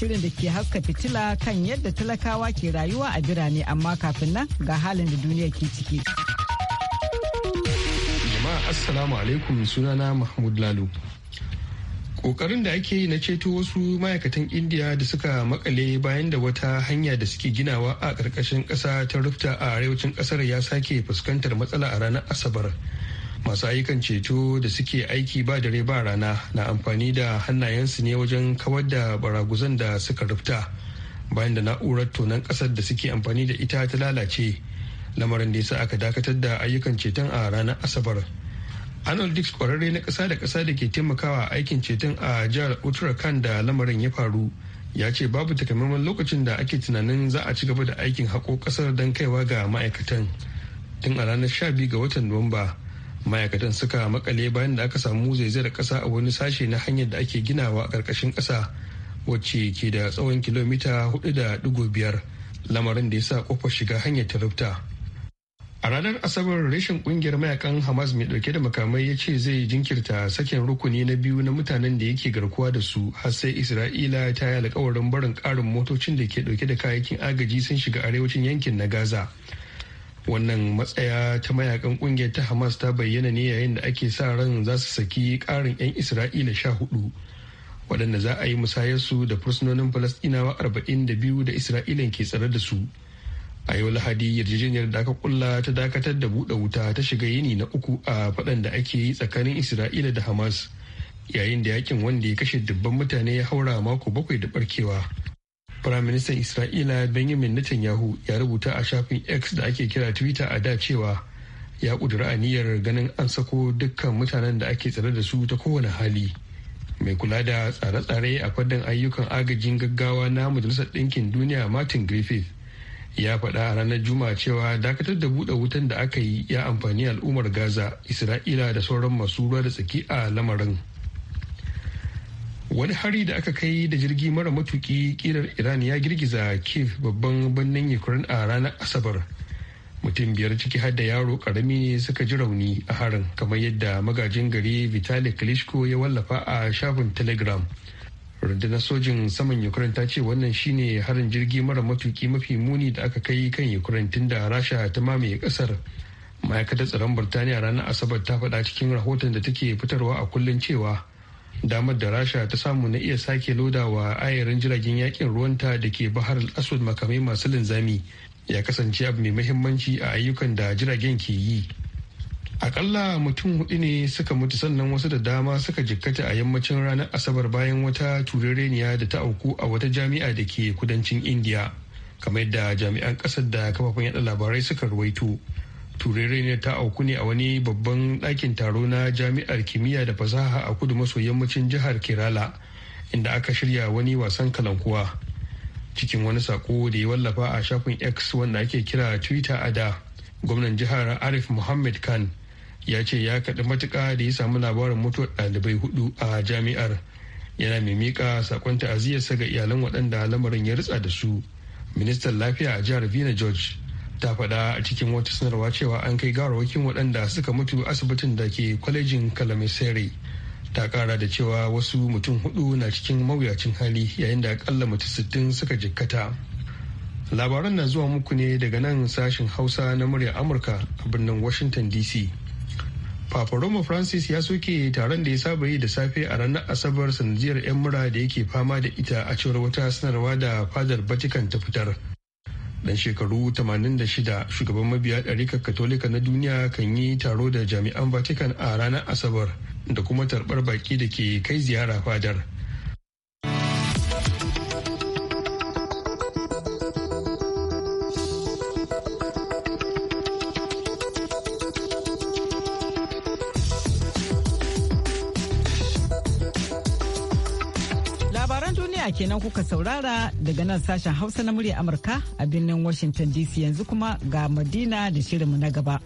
shirin da ke haska fitila kan yadda talakawa ke rayuwa a birane amma kafin nan ga halin da duniya ke ciki. Jama'a Assalamu alaikum sunana Mahmud Lalu. Kokarin da ake yi na ceto wasu ma'aikatan Indiya da suka makale bayan da wata hanya da suke ginawa a ƙarƙashin ƙasa ta rufta a arewacin ƙasar ya sake fuskantar matsala a ranar Asabar. masu ayyukan ceto da suke aiki ba dare ba rana na amfani da hannayensu ne wajen kawar da baraguzan da suka rufta bayan da na'urar tonon kasar da suke amfani da ita ta lalace lamarin da ya sa aka dakatar da ayyukan ceton a ranar asabar arnold dix kwararre na kasa da kasa da ke taimakawa aikin ceton a jihar uttarakhand da lamarin ya faru ya ce babu takamaiman lokacin da ake tunanin za a ci gaba da aikin haƙo kasar don kaiwa ga ma'aikatan tun a ranar 12 ga watan nuwamba ma'aikatan suka makale bayan da aka samu zaizayar kasa a wani sashe na hanyar da ake ginawa a ƙarƙashin ƙasa wacce ke da tsawon kilomita 4.5 lamarin da ya sa kofar shiga hanyar ta rufta a ranar asabar rashin kungiyar mayakan hamas mai dauke da makamai ya ce zai jinkirta sakin rukuni na biyu na mutanen da yake garkuwa da su har sai isra'ila ta yi alkawarin barin karin motocin da ke dauke da kayayyakin agaji sun shiga arewacin yankin na gaza wannan matsaya ta mayakan kungiyar ta hamas ta bayyana ne yayin da ake sa ran za su saki karin 'yan isra'ila sha hudu waɗanda za a yi musayarsu da fursunonin falastinawa arba'in da biyu da isra'ila ke tsare da su a yau lahadi yarjejeniyar da aka kulla ta dakatar da buɗe wuta ta shiga yini na uku a faɗan da ake yi tsakanin isra'ila da hamas yayin da yakin wanda ya kashe dubban mutane ya haura mako bakwai da barkewa Firaministan Isra'ila Benjamin Netanyahu ya rubuta a shafin X da ake kira Twitter a da cewa ya ƙudura aniyar ganin an sako dukkan mutanen da ake tsare da su ta kowane hali. Mai kula da tsare-tsare a fadin ayyukan agajin gaggawa na Majalisar Ɗinkin Duniya Martin Griffith ya faɗa a ranar Juma'a cewa dakatar da buɗe wutan da aka yi ya amfani al'ummar Gaza, Isra'ila da sauran masu ruwa da tsaki a lamarin. wani hari da aka kai da jirgi mara matuki kirar iran ya girgiza kiev babban birnin ukraine a ranar asabar mutum biyar ciki har da yaro karami ne suka ji rauni a harin kamar yadda magajin gari vitali klitschko ya wallafa a shafin telegram rundunar sojin saman ukraine ta ce wannan shine harin jirgi mara matuki mafi muni da aka kai kan ukraine tun da rasha ta mamaye kasar ma'aikatar tsaron birtaniya ranar asabar ta faɗa cikin rahoton da take fitarwa a kullum cewa damar da rasha ta samu na iya sake loda wa ayarin jiragen yakin ruwanta da ke bahar aswad makamai masu linzami ya kasance abu mai mahimmanci a ayyukan da jiragen ke yi akalla mutum hudu ne suka mutu sannan wasu da dama suka jikkata a yammacin ranar asabar bayan wata turereniya da ta auku a wata jami'a da ke kudancin indiya kamar yadda jami'an kasar da kafafen yada labarai suka ruwaito ne ta auku ne a wani babban ɗakin taro na jami'ar kimiyya da fasaha a kudu maso yammacin jihar kerala inda aka shirya wani wasan kalankuwa cikin wani sako da ya wallafa a shafin x wanda ake kira twitter a da gwamnan jihar arif muhammad khan ya ce ya kaɗi matuka da ya samu labarin mutuwar ɗalibai hudu a jami'ar yana mai miƙa sakon ta'aziyarsa ga iyalan waɗanda lamarin ya ritsa da su ministan lafiya a jihar vina george ta faɗa a cikin wata sanarwa cewa an kai garawakin waɗanda suka mutu asibitin da ke kwalejin kalamisere ta ƙara da cewa wasu mutum hudu na cikin mawuyacin hali yayin da akalla mutum sittin suka jikkata labaran na zuwa muku ne daga nan sashen hausa na murya amurka a birnin washington dc Papa Francis ya soke taron da ya saba yi da safe a ranar Asabar sanadiyar 'yan mura da yake fama da ita a cewar wata sanarwa da fadar Vatican ta fitar. dan shekaru 86 shugaban mabiya ɗarikar katolika na duniya kan yi taro da jami'an vatican a ranar asabar da kuma tarbar baki da ke kai ziyara fadar kenan kuka saurara daga nan sashen Hausa na murya Amurka a birnin Washington DC yanzu kuma ga Madina da shirinmu na gaba.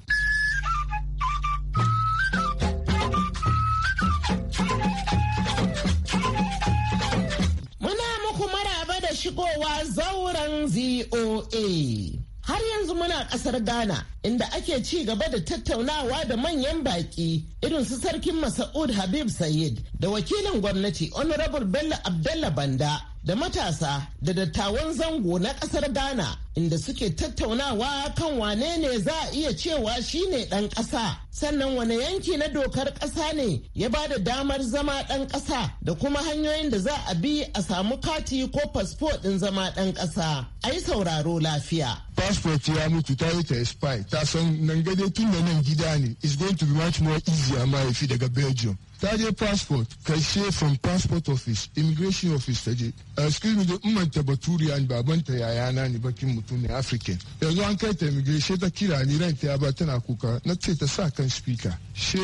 Muna muku maraba da shigowa zauren VOA. yanzu muna kasar Ghana inda ake ci gaba da tattaunawa da manyan baki irin su sarkin Masa'ud Habib Sayyid da wakilin gwamnati Honorable Bello Abdallah Banda da matasa da dattawan zango na kasar Ghana inda suke tattaunawa kan wane ne za a iya cewa shine dan ƙasa. sannan wane yanki na dokar ƙasa ne ya ba da damar zama ɗan ƙasa da kuma hanyoyin da za a bi a samu kati ko fasfo ɗin zama ɗan ƙasa a yi sauraro lafiya passport ya mutu ta yi ta expire ta san nan gade tun da nan gida ne is going to be much more easy amma ya fi daga belgium ta je passport karshe from passport office immigration office ta je eh, excuse me the umanta tabaturi and babante ayana ne bakin mutum ne african yanzu an kai ta immigration ta kira ni ran ta ba tana kuka na ce ta sa kan speaker she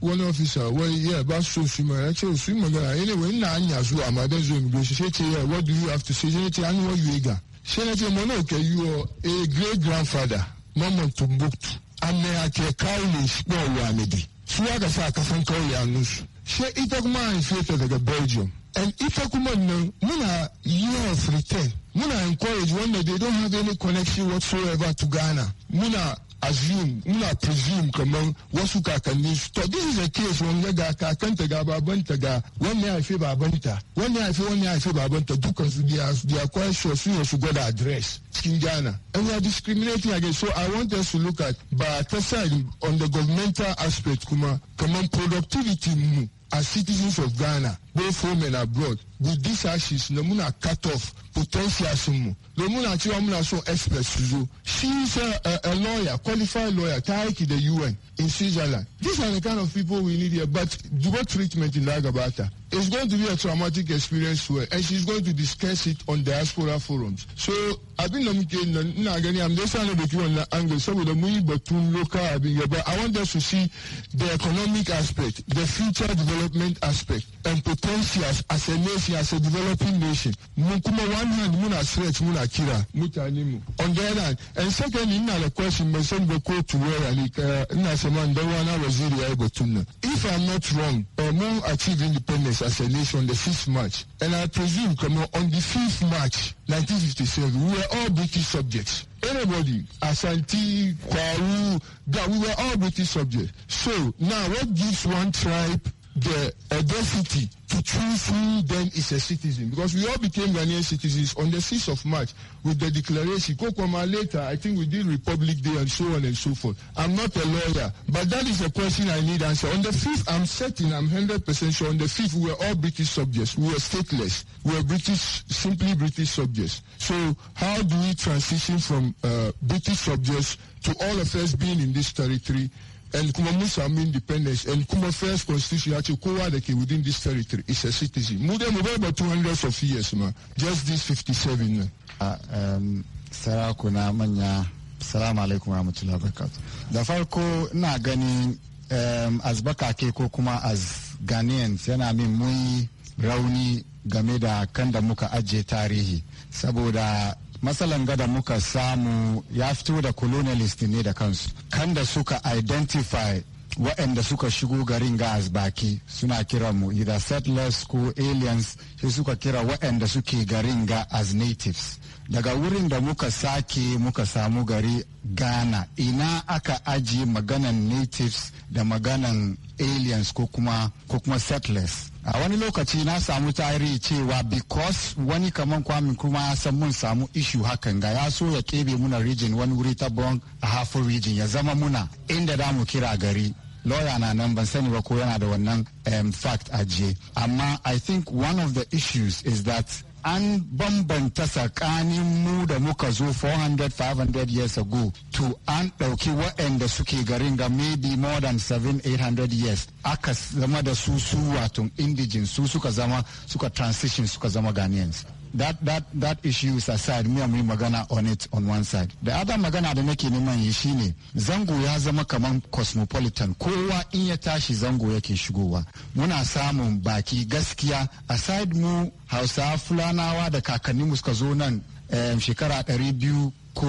one officer well, yeah, ba su actually, su anyway, ce su yi magana na anya zuwa amma immigration she said, yeah what do you have to say she ce an wa you she na ce mono ke yuo a great grandfather mamman tumbuktu amma ya ke kawo ne shi ba wa midi su ya sa kasan kauye a su sai ita kuma haife ta daga belgium and ita kuma nan muna year return muna encourage wanda they don't have any connection whatsoever to ghana muna assume muna presume kamar wasu kakanni su to this is a case wanda ga kakanta ga babanta ga wani ya haife babanta wani ya haife wani ya haife babanta dukkan su dia dia question su su gwada address cikin Ghana and we are discriminating against so I want us to look at ba ta side on the governmental aspect kuma kamar productivity mu as citizens of Ghana both home and abroad with these ashes na cut off potential mu na mu na akyerɛ mu so experts so she is a, a, a lawyer qualified lawyer tied to the UN in Switzerland these are the kind of people we need here but dual treatment in Lagabata is going to be a traumatic experience for her and she's going to discuss it on diaspora forums so I've been na ina i am dai sanar da kiwon na angle the money, but batun local abin i want us to see the economic aspect the future development aspect and potential as a nation, as a developing nation. Mu one hand muna stretch muna kira mutane mu. On the other hand, and secondly ina the question mai san to where I like ina sama da wani waziri ya yi If I'm not wrong, uh, achieved achieve independence as a nation on the 6th March and I presume come on the 5th March 1957 we were all British subjects. Anybody, Asante, Kwaru, that we were all British subjects. So now what gives one tribe the audacity to choose who then is a citizen because we all became Ghanaian citizens on the 6th of March with the declaration. Kokoma later, I think we did Republic Day and so on and so forth. I'm not a lawyer, but that is a question I need answer. On the 5th, I'm certain, I'm 100% sure on the 5th, we were all British subjects. We were stateless. We were British, simply British subjects. So how do we transition from uh, British subjects to all of us being in this territory and kuma mun samu independence and kuma first constitution yace kowa da ke within this territory is a citizen mu dai mu bai ba 200 of years ma just this 57 nan a ah, um, na manya salamu alaikum rahmatullahi barakatu da farko ina gani um, bakake ko kuma as ghanaians yana min mun rauni game da kan da muka ajiye tarihi saboda matsalan gada muka samu ya fito da colonialist ne da kansu kan da suka identify waɗanda suka shigo garin gas baki suna kira mu either settlers ko aliens sai suka kira waɗanda suke garin ga as natives daga wurin da muka sake muka samu gari ghana ina aka aji maganan natives da maganan aliens ko kuma settlers a wani lokaci na samu tarihi cewa because wani kaman kwamin kuma ya san mun samu ishu hakan ga ya so ya kebe muna region wani wuri ta bon a hafin region ya zama muna inda da mu kira gari lawyer na nan ban sani ba ko yana da wannan fact ajiye amma i think one of the issues is that an bambanta tsakanin mu da muka zo 400-500 years ago to an ɗauki waɗanda suke garin ga maybe more than 700-800 years aka zama da su su wato indigen su suka zama suka transition suka zama ghanaians that that that issues aside mu mu magana on it on one side the other magana da nake neman yi shine zango ya zama kaman cosmopolitan kowa in ya tashi zango yake shigowa muna samun baki gaskiya aside mu hausa fulanawa da kakanni mu suka zo nan eh, shekara 200 ko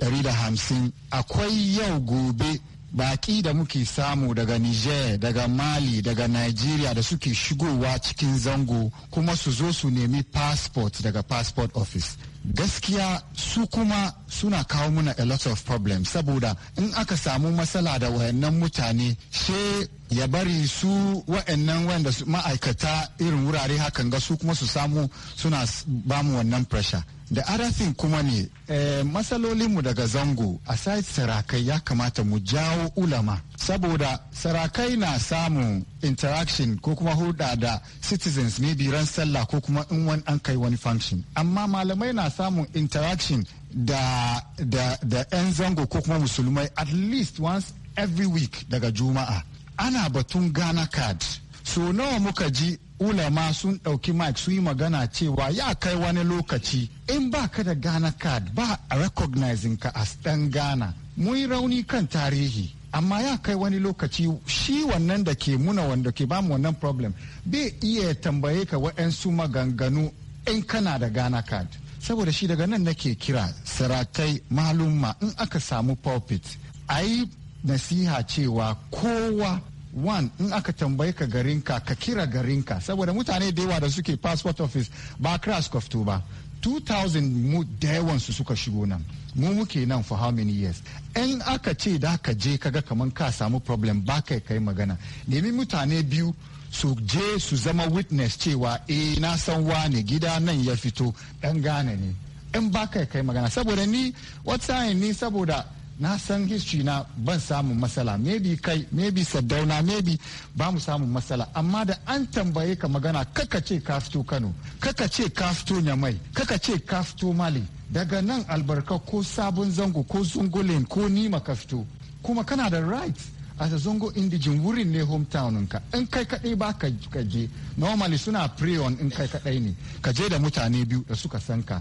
150 akwai yau gobe baki da muke samu daga niger daga mali daga nigeria da suke shigowa cikin zango kuma su zo su nemi passport daga passport office gaskiya su kuma suna kawo muna a lot of problems saboda in aka samu matsala da wayannan mutane she ya bari su wayannan wanda ma'aikata irin wurare hakan ga su kuma su samu suna bamu wannan pressure da arafin kuma ne eh, matsalolinmu daga zango a sai sarakai ya kamata mu jawo ulama saboda sarakai na samun interaction ko kuma hulɗa da citizens ne biran sallah ko kuma in wani an kai wani function amma malamai na samun interaction da da 'yan zango ko kuma musulmai at least once every week daga juma'a ana batun ghana card so nawa muka ji ulama sun ɗauki mic sun yi magana cewa ya kai wani lokaci in ba ka da ghana card ba a recognizing ka as ɗan ghana mun yi rauni kan tarihi amma ya kai wani lokaci shi wannan da ke muna wanda ke bamu wannan problem bai iya tambaye ka waɗansu maganganu in kana da ghana card saboda shi daga nan nake kira saratai malumma in aka samu pulpit a yi nasiha cewa kowa one in aka tambaye ka garin ka ka kira garinka saboda mutane da yawa da suke passport office ba crash kwafto ba 2000 mu da yawansu suka shigo nan mu muke nan for how many years in aka ce da ka je kaga kaman ka samu problem ba kai kai magana nemi mutane biyu su je su zama witness cewa eh na san wane gida nan ya fito dan gane ne in ba kai kai magana saboda ni wata ni saboda na san history na ban samun matsala maybe kai maybe saddauna maybe ba mu samun matsala amma da an tambaye ka magana kaka ce ka fito kano kaka ce ka fito nyamai kaka ce ka fito mali daga nan albarka ko sabon zango ko zungulen ko nima ka fito kuma kana da right a zongo indijin wurin ne hometown ka in kai kadai ba ka je normally suna pray on in kai kadai ne ka je da mutane biyu da suka san ka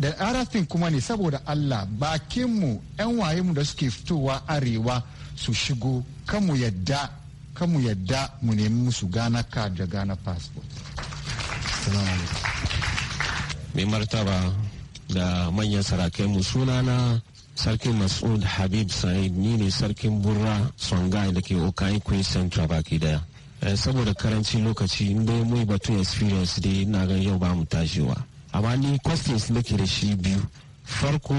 da arafin kuma ne saboda Allah bakinmu 'yan mu da suke fitowa arewa su shigo kanmu yadda kanmu yadda mu nemi musu gana card da gana passport mai martaba da manyan sarakai mu sunana Sarkin masud habib sa'id ni ne sarkin burra songai da ke okai queen central baki daya eh, saboda karanci lokaci inda ya mai batun experience dai na ga yau ba mu tashiwa amma ni questions nake da shi biyu farko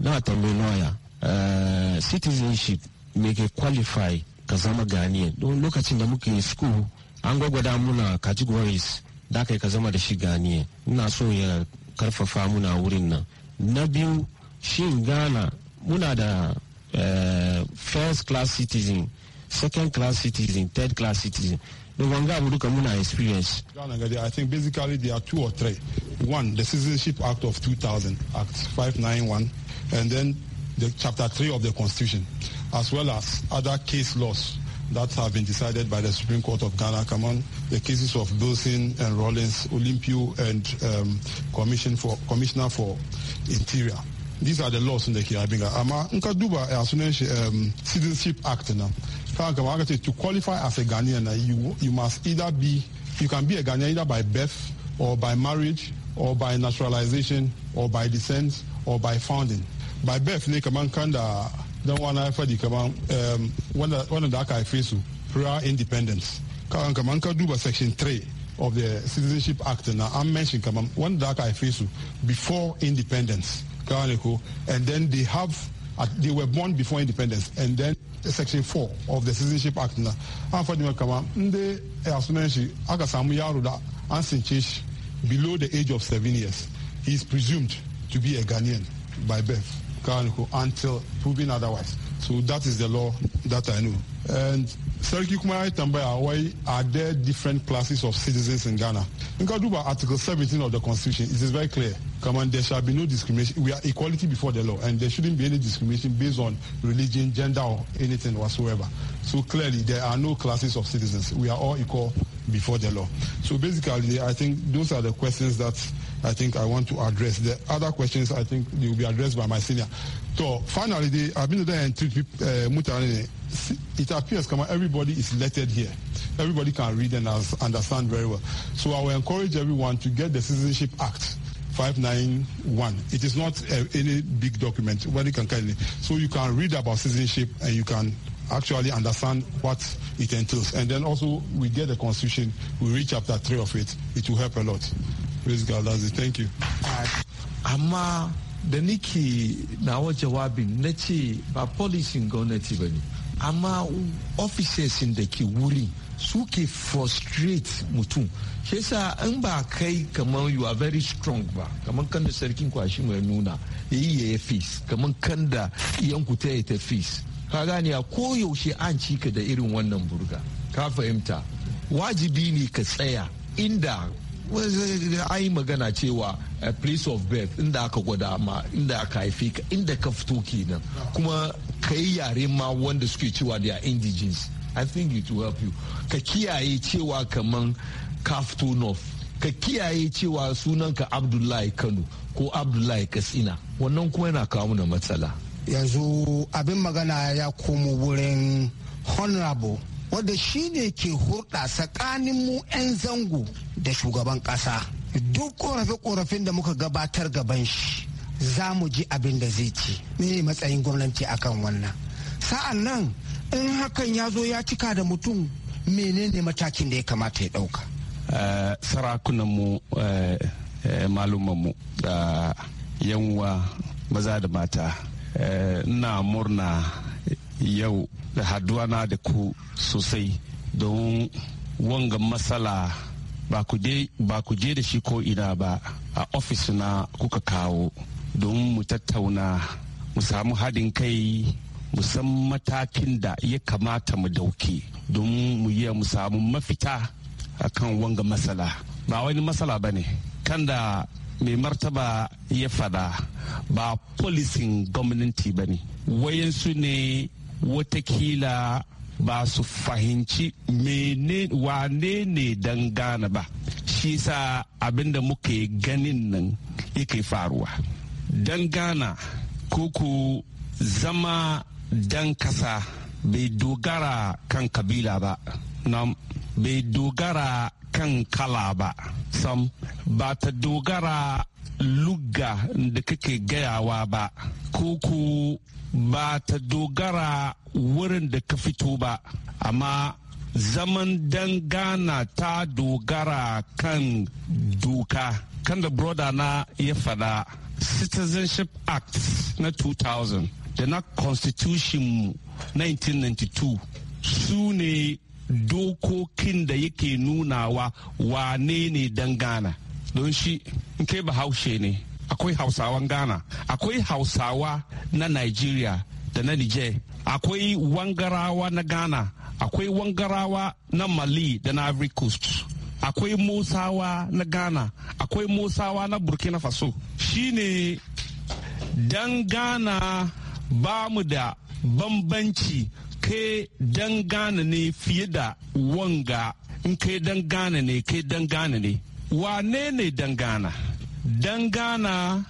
na tambayi lawyer eh, citizenship me ke qualify ka zama ganiyan don lokacin da muke school an gwagwada muna categories da kai ka zama da shi ganiye ina so ya karfafa muna wurin nan na biyu shin ghana muna da uh, first class citizen second class citizen third class citizen da wanga abu duka muna experience ghana gade i think basically there are two or three one the citizenship act of 2000 act 591 and then the chapter 3 of the constitution as well as other case laws that have been decided by the Supreme Court of Ghana. Come on, the cases of Bilson and Rollins, Olympio, and um, Commission for, Commissioner for Interior. these are the laws da ke abin amma in ka duba eh, a sunan shi citizenship act na kan kama aka ce to qualify as a ghanaian na you, you must either be you can be a ghanaian either by birth or by marriage or by naturalization or by descent or by founding by birth ne kaman kan da dan wani haifa di kaman wanda da aka haife su prior independence kan kaman ka duba section 3 of the citizenship act na an mention kaman wanda da aka haife su before independence and then they have they were born before independence and then section 4 of the citizenship act na an faɗi kama inda eh, ya sunan shi aka samu yaro da an since shi below the age of seven years he is presumed to be a ghanaian by birth until proven otherwise so that is the law that i know sarki kuma ya tambaya wai are there different classes of citizens in ghana in duba article 17 of the constitution it is very clear Come on, there shall be no discrimination we are equality before the law and there shouldn't be any discrimination based on religion gender or anything whatsoever so clearly there are no classes of citizens we are all equal before the law so basically i think those are the questions that i think i want to address the other questions i think they will be addressed by my senior so finally dai abin da da mutane ne it appears come everybody is lettered here. Everybody can read and understand very well. So I will encourage everyone to get the Citizenship Act 591. It is not uh, any big document. Well, can kindly. So you can read about citizenship and you can actually understand what it entails. And then also we get the constitution. We read chapter three of it. It will help a lot. Praise God. That's it. Thank you. Amma da nike nawa jawabin na ce ba policing gwamnati ba ne amma officers da ke wurin suke frustrate mutum shi sa in ba kai kamar you are very strong ba kamar kan da sarkin kwashi mai nuna ya yi ya fis kamar kan da ku ta ta fis ka gani a koyaushe an cika da irin wannan burga ka fahimta wajibi ne ka tsaya inda ai magana cewa a eh, place of birth inda aka gwada ma inda aka haife ka inda ka fito kenan kuma ka yi yare ma wanda suke cewa da indigenous i think it will help you ka kiyaye cewa kaman ka fito north ka kiyaye cewa sunanka abdullahi kano ko abdullahi katsina wannan kuma yana kawo mana matsala yanzu abin magana ya komo wurin honorable wanda shi ne ke hurɗa tsakanin mu 'yan zango da shugaban ƙasa duk ƙorafe-ƙorafin da muka gabatar gaban shi za mu ji abin da zai ci ne matsayin gwamnati akan wannan sa'an nan in hakan ya zo ya cika da mutum menene matakin da ya kamata ya ɗauka eh, sarakunanmu eh, eh, malumanmu da yanwa maza da mata ina murna yau da haduwa na da ku sosai don wanga matsala ba ku je da shi ko ina ba a ofis na kuka kawo don mu tattauna mu samu haɗin kai mu san matakin da ya kamata mu dauke don mu yi mu samu mafita a kan wanga matsala ba wani matsala ba ne kan da mai martaba ya fada ba polisin gwamnati ba ne su ne watakila ba su fahimci mene wane ne don gane ba shi sa abinda muke ganin nan yake faruwa don gana koko zama dan kasa bai dogara kan kabila ba nam bai dogara kan kala ba sam ba ta dogara lugga da kake gayawa ba koko ba ta dogara wurin da ka fito ba amma zaman dangana ta dogara kan doka kan da broda na ya fada citizenship act na 2000 da na constitution 1992 su ne dokokin da yake nunawa wane ne dangana don shi nke kai bahaushe ne akwai hausawan ghana akwai hausawa na nigeria da na niger akwai wangarawa na ghana akwai wangarawa na mali da na ivory coast akwai musawa na ghana akwai musawa na burkina faso shine dan ghana ba mu da bambanci kai dan ghana ne fiye da wanga in kai dan ghana ne kai dan ghana ne wane ne dan ghana dan ghana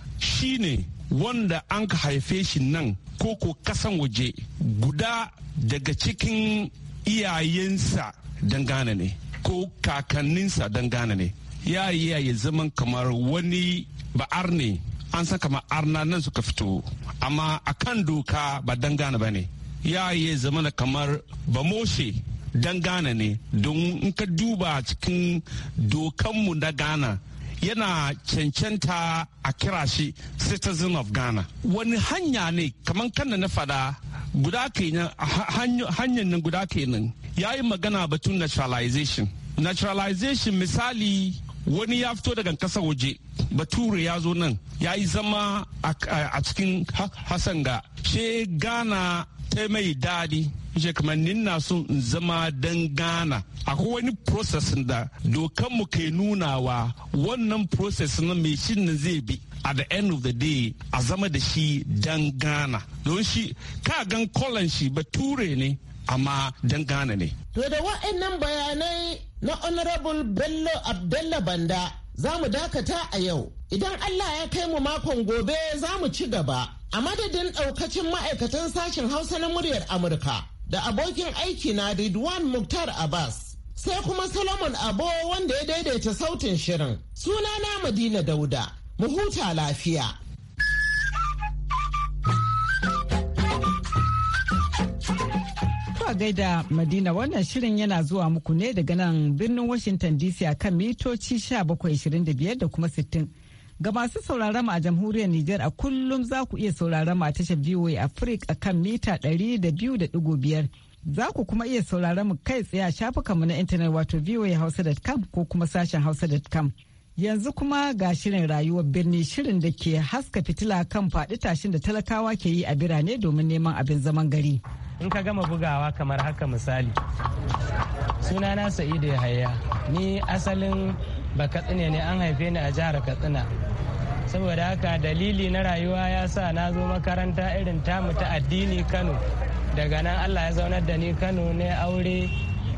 ne wanda an ka haife shi nan ko ko kasan waje guda daga cikin iyayensa dan ghana ne ko kakanninsa dan ghana ne ya yi ya zaman kamar wani ba'ar ne an san kamar arna nan suka fito amma a kan doka ba dan ghana ba ne ya iya zamana kamar ba moshe dan ghana ne don in ka duba cikin dokanmu na ghana yana cancanta a kira shi citizen of ghana wani hanya ne kamar kanna na fada guda kenan hanyar nan guda kenan ya yi magana batun naturalization naturalization misali wani ya fito daga kasar waje bature ya zo nan ya yi zama a cikin hasan ga she ghana ta mai daɗi shi kamar na son in zama dan gana akwai wani process da dokanmu ke nunawa wannan process na mai shi na zai bi at the end of the day a zama da shi dan gana don shi ka gan kolon shi ture ne amma dan gana ne to da wa'annan bayanai na honorable bello abdullah banda za mu dakata a yau idan allah ya kai mu makon gobe za mu ci gaba a madadin daukacin ma'aikatan sashen hausa na muryar amurka da abokin aiki na ridwan muktar abbas sai kuma solomon abo wanda ya daidaita sautin shirin sunana madina dauda mu huta lafiya gaida Madina wannan shirin yana zuwa muku ne daga nan birnin Washington DC a kan mitoci 1725 da kuma 60. Ga masu sauraron a jamhuriyar Nijar a kullum za ku iya sauraron a tashar VOA Africa a kan mita 200.5. Za ku kuma iya saurara mu kai tsaye a shafukanmu na intanet wato voahausa.com ko kuma sashen hausa.com. Yanzu kuma ga shirin rayuwar birni shirin da ke haska fitila kan faɗi tashin da talakawa ke yi a birane domin neman abin zaman gari. in ka gama bugawa kamar haka misali sunana sa'idu yahaya ni asalin bakatsina ne an haife ni a jihar katsina saboda haka dalili na rayuwa ya sa na zo makaranta irin tamu ta addini kano daga nan allah ya zaunar da ni kano ne aure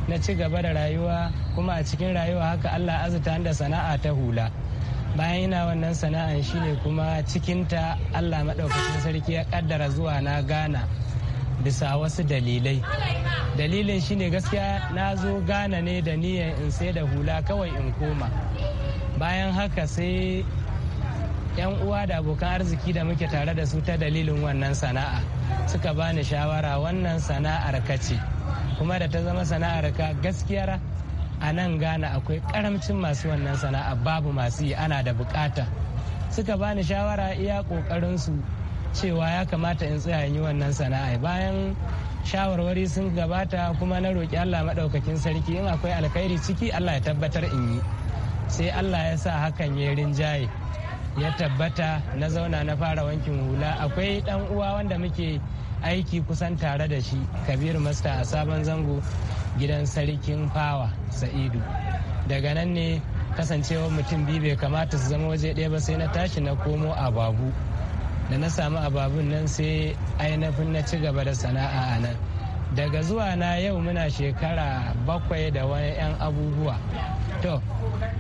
na ci gaba da rayuwa kuma a cikin rayuwa haka allah azuta da sana'a ta hula bayan yana wannan sana'an shine kuma cikinta allah maɗaukacin sarki ya kaddara zuwa na ghana bisa wasu dalilai dalilin shine gaskiya na zo ghana ne da niyan in sai da hula kawai in koma bayan haka sai 'yan uwa da abokan arziki da muke tare da su ta dalilin wannan sana'a suka bani shawara wannan sana'ar ka ce kuma da ta zama sana'ar ka gaskiyar a nan gana akwai karamcin masu wannan sana'a babu masu yi ana da bukata suka bani shawara iya su cewa ya kamata in tsaya yi wannan sana'a bayan shawarwari sun gabata kuma na roƙi allah maɗaukakin sarki in akwai alkhairi ciki allah ya tabbatar in yi sai allah ya sa hakan ya rinjaye ya tabbata na zauna na fara wankin hula akwai dan uwa wanda muke aiki kusan tare da shi kabiru masta a sabon zango gidan sarkin fawa sa'idu daga nan ne kasancewa mutum biyu bai kamata su zama waje ɗaya ba sai na tashi na komo a babu da na samu ababun nan sai ainihin na ci gaba da sana'a a nan daga zuwa na yau muna shekara bakwai da wani 'yan abubuwa to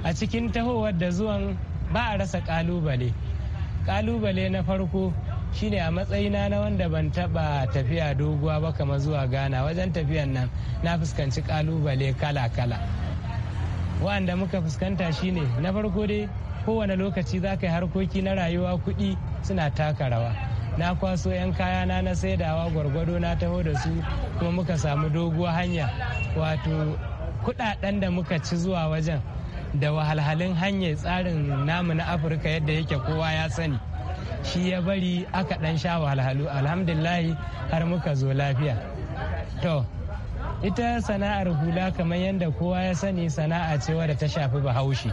a cikin tahowar da zuwan ba a rasa kalubale kalubale na farko shine a matsayina na wanda ban taba tafiya doguwa ba kama zuwa ghana wajen tafiyan nan na fuskanci kalubale kala-kala wanda muka fuskanta shine na farko dai kowane lokaci za ka yi harkoki na rayuwa kuɗi suna taka rawa na kwaso 'yan kayana na saidawa gwargwado na taho da su kuma muka samu doguwa hanya wato kuɗaɗen da muka ci zuwa wajen da wahalhalun hanyar tsarin namu na afirka yadda yake kowa ya sani shi ya bari aka dan sha wahalhalu alhamdulillahi har muka zo lafiya to ita sana'ar hula kamar yadda kowa ya sani sana'a ce wadda ta shafi bahaushe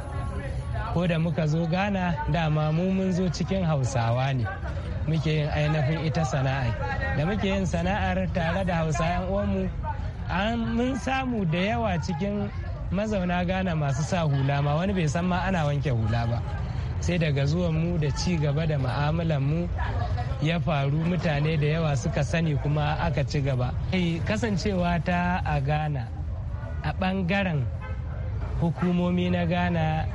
ko da muka zo gana dama mu mun zo cikin hausawa ne muke yin ainihin ita sana'a da muke yin sana'ar tare da hausa 'yan uwanmu mun samu da yawa cikin mazauna ghana masu sa hula ma wani bai san ma ana wanke hula ba sai daga zuwan mu da ci gaba da mu'amalan mu ya faru mutane da yawa suka sani kuma aka ci gaba kasancewa ta a gana a bangaren hukumomi na ghana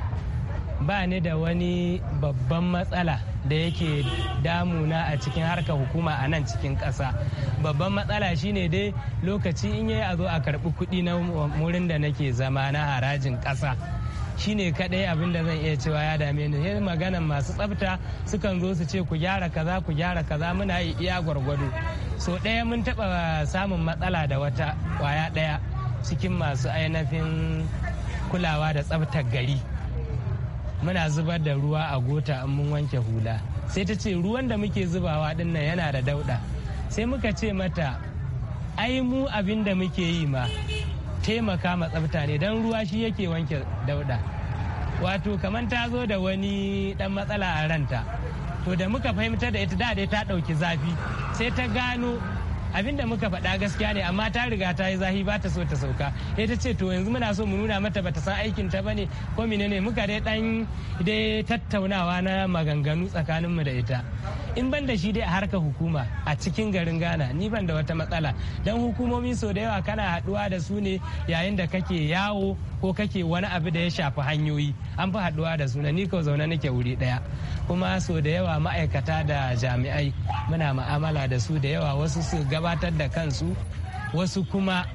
ba ni da wani babban matsala da yake damuna a cikin harkar hukuma a nan cikin ƙasa babban matsala shine dai lokaci in yayi a zo a karbi kuɗi na wurin da nake zama na harajin ƙasa shine kadai abin da zan iya cewa ya dame ni yin maganan masu tsafta sukan zo su ce ku gyara kaza ku gyara kaza muna yi iya gwargwado so ɗaya mun taɓa samun matsala da wata kwaya ɗaya cikin masu ainihin kulawa da tsaftar gari muna zubar da ruwa a gota in mun wanke hula sai ta ce ruwan da muke zubawa din nan yana da dauda sai muka ce mata ai mu abin da muke yi ma taimaka ma tsafta ne don ruwa shi yake wanke dauda wato kamar ta zo da wani dan matsala a ranta to da muka fahimtar da ita da ta dauki zafi sai ta gano abin da muka faɗa gaskiya ne amma ta riga ta yi zahi ba ta so ta sauka sai ta ce to yanzu muna so mu nuna mata bata san aikin ta bane ko menene muka dai dan dai tattaunawa na maganganu tsakaninmu da ita in ban da shi dai a harkar hukuma a cikin garin ghana ni ban da wata matsala don hukumomi sau da yawa kana haduwa da su ne yayin da kake yawo ko kake wani abu da ya shafi hanyoyi an fi haduwa da su na ni kawai zaune nake wuri daya kuma sau da yawa ma'aikata da jami'ai muna ma'amala da su da yawa wasu su gabatar da kansu wasu kuma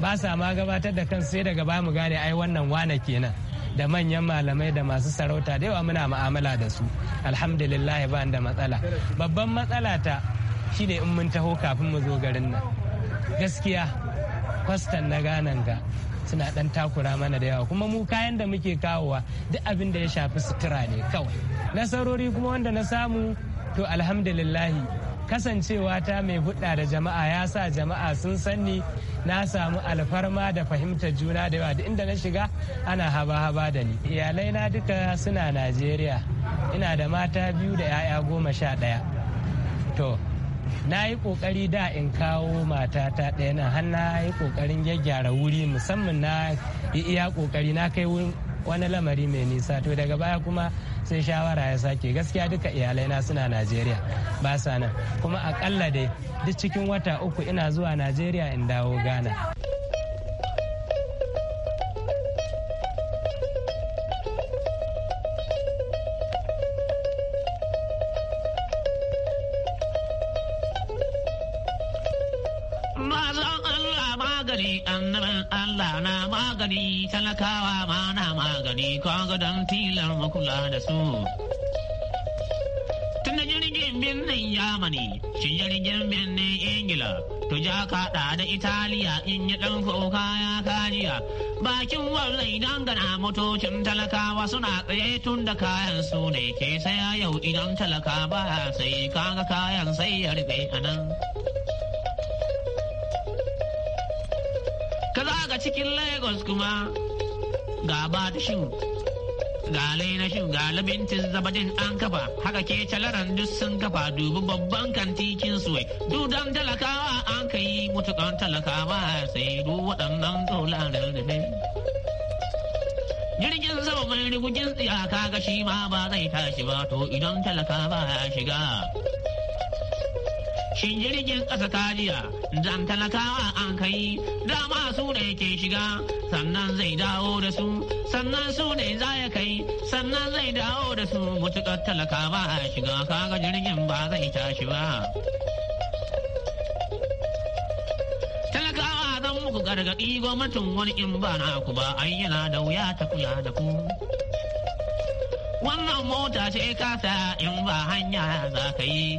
ba sa ma gabatar da kansu sai daga ba mu gane ai wannan wane kenan da manyan malamai da masu sarauta da yawa muna ma'amala da su alhamdulillah ba da matsala babban matsala ta ne in mun taho kafin mu zo garin nan gaskiya kwastan na ganan ga suna dan takura mana da yawa kuma mu kayan da muke kawowa duk abin da ya shafi sutura ne kawai nasarori kuma wanda na samu to alhamdulillahi kasancewa ta mai hudda da jama'a ya sa jama'a sun sanni na samu alfarma da fahimtar juna da yawa inda na shiga ana haba-haba da ni iyalai na duka suna najeriya ina da mata biyu da 'ya'ya goma sha ɗaya to na yi kokari da in kawo matata ɗaya nan har na yi kokarin gyaggyara wuri musamman na yi iya kokari na kai wani lamari mai nisa to daga baya kuma sai shawara ya sake gaskiya duka iyalai na suna najeriya ba sa nan kuma akalla dai duk cikin wata uku ina zuwa najeriya in dawo ghana magani talakawa ma na magani kaga don tilar makula da su tun da jirgin birnin yamani shi jirgin birnin ingila ja kaɗa da italiya in yi ɗan ka ya kariya bakin wallai dangana motocin talakawa suna tsaye tun da kayan su ne ke saya yau idan talaka ba sai kaga kayan sai ya rufe a nan. cikin lagos kuma ga batishin ga lainashin ga labintin zabadin an kafa haka ke talaran duk sun kafa dubi babban kantikin suwai dudan talakawa an ka yi mutukan talakawa sai du waɗannan tolarar da ne jirgin sama mai rigugin tsiyaka ga shi ma ba zai tashi ba to idan talakawa ya shiga shin jirgin ƙasa ta jiya dan talakawa an kai dama su ne ke shiga sannan zai dawo da su sannan su ne za ya kai sannan zai dawo da su mutuƙar talaka ba a shiga kaga jirgin ba zai tashi ba talakawa zan muku gargaɗi gwamnatin wani in ba na ku ba ai yana da wuya ta kula da ku wannan mota ce kasa in ba hanya za ka yi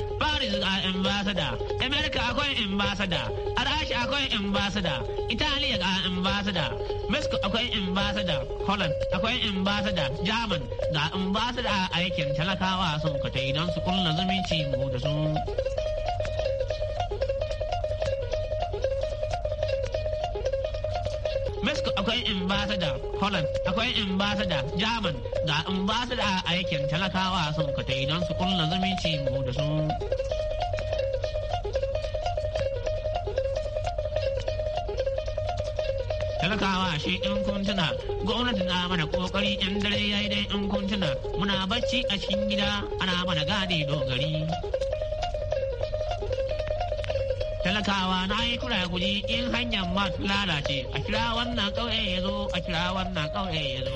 Paris a uh, ambassador, America akwai ambassador, Arashi akwai ambassador, Italiya a uh, ambassador, Mexico akwai ambassador, Holland akwai ambassador, German ga ambassador a aikin talakawa sun kata idan su kulla zumunci mu da su. akwai ambassador Holland, akwai ambassador German, da in ba su da aikin talakawa sun ka ta don su kulla zumunci mu da su talakawa shi in kun tuna gwamnati na mana kokari yan dare ya yi dai in kun muna bacci a cikin gida ana mana gadi dogari talakawa na yi kura guji in hanyar masu lalace a kira wannan kauye ya zo a kira wannan kauye ya zo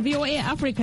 voa africa